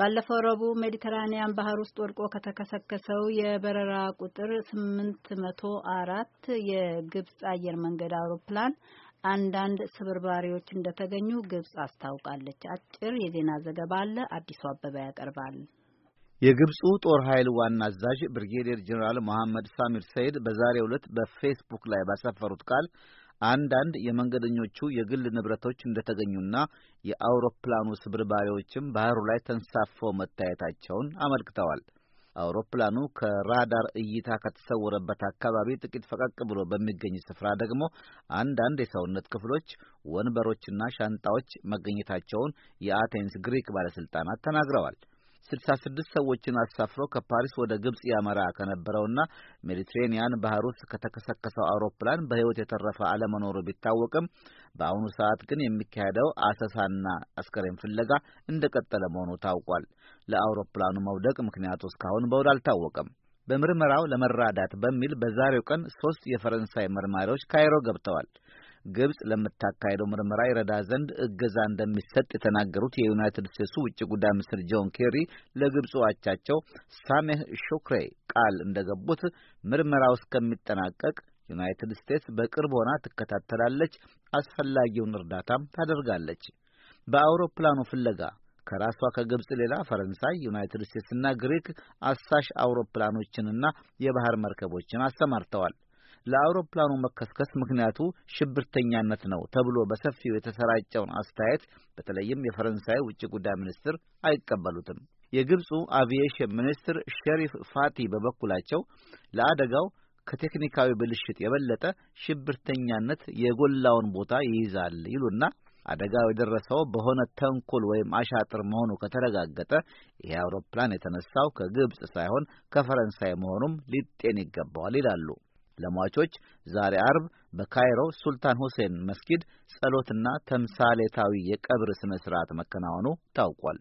ባለፈው ረቡዕ ሜዲተራኒያን ባህር ውስጥ ወድቆ ከተከሰከሰው የበረራ ቁጥር 8አራት የግብጽ አየር መንገድ አውሮፕላን አንዳንድ ስብርባሪዎች እንደተገኙ ግብጽ አስታውቃለች። አጭር የዜና ዘገባ አለ፣ አዲሱ አበባ ያቀርባል። የግብፁ ጦር ኃይል ዋና አዛዥ ብሪጌዲየር ጀኔራል መሐመድ ሳሚር ሰይድ በዛሬው ዕለት በፌስቡክ ላይ ባሰፈሩት ቃል አንዳንድ የመንገደኞቹ የግል ንብረቶች እንደተገኙና የአውሮፕላኑ ስብርባሪዎችም ባህሩ ላይ ተንሳፈው መታየታቸውን አመልክተዋል። አውሮፕላኑ ከራዳር እይታ ከተሰወረበት አካባቢ ጥቂት ፈቀቅ ብሎ በሚገኝ ስፍራ ደግሞ አንዳንድ የሰውነት ክፍሎች፣ ወንበሮችና ሻንጣዎች መገኘታቸውን የአቴንስ ግሪክ ባለሥልጣናት ተናግረዋል። ስልሳ ስድስት ሰዎችን አሳፍሮ ከፓሪስ ወደ ግብፅ ያመራ ከነበረውና ሜዲትሬኒያን ባህር ውስጥ ከተከሰከሰው አውሮፕላን በሕይወት የተረፈ አለመኖሩ ቢታወቅም በአሁኑ ሰዓት ግን የሚካሄደው አሰሳና አስከሬን ፍለጋ እንደቀጠለ መሆኑ ታውቋል። ለአውሮፕላኑ መውደቅ ምክንያቱ እስካሁን በውል አልታወቀም። በምርመራው ለመራዳት በሚል በዛሬው ቀን ሶስት የፈረንሳይ መርማሪዎች ካይሮ ገብተዋል። ግብጽ ለምታካሄደው ምርመራ ይረዳ ዘንድ እገዛ እንደሚሰጥ የተናገሩት የዩናይትድ ስቴትሱ ውጭ ጉዳይ ሚኒስትር ጆን ኬሪ ለግብፁ አቻቸው ሳሜህ ሾክሬ ቃል እንደገቡት ምርመራው እስከሚጠናቀቅ ዩናይትድ ስቴትስ በቅርብ ሆና ትከታተላለች፣ አስፈላጊውን እርዳታም ታደርጋለች። በአውሮፕላኑ ፍለጋ ከራሷ ከግብጽ ሌላ ፈረንሳይ፣ ዩናይትድ ስቴትስና ግሪክ አሳሽ አውሮፕላኖችንና የባህር መርከቦችን አሰማርተዋል። ለአውሮፕላኑ መከስከስ ምክንያቱ ሽብርተኛነት ነው ተብሎ በሰፊው የተሰራጨውን አስተያየት በተለይም የፈረንሳይ ውጭ ጉዳይ ሚኒስትር አይቀበሉትም። የግብፁ አቪዬሽን ሚኒስትር ሸሪፍ ፋቲ በበኩላቸው ለአደጋው ከቴክኒካዊ ብልሽት የበለጠ ሽብርተኛነት የጎላውን ቦታ ይይዛል ይሉና አደጋው የደረሰው በሆነ ተንኮል ወይም አሻጥር መሆኑ ከተረጋገጠ ይሄ አውሮፕላን የተነሳው ከግብፅ ሳይሆን ከፈረንሳይ መሆኑም ሊጤን ይገባዋል ይላሉ። ለሟቾች ዛሬ አርብ በካይሮ ሱልጣን ሁሴን መስጊድ ጸሎትና ተምሳሌታዊ የቀብር ስነ ስርዓት መከናወኑ ታውቋል።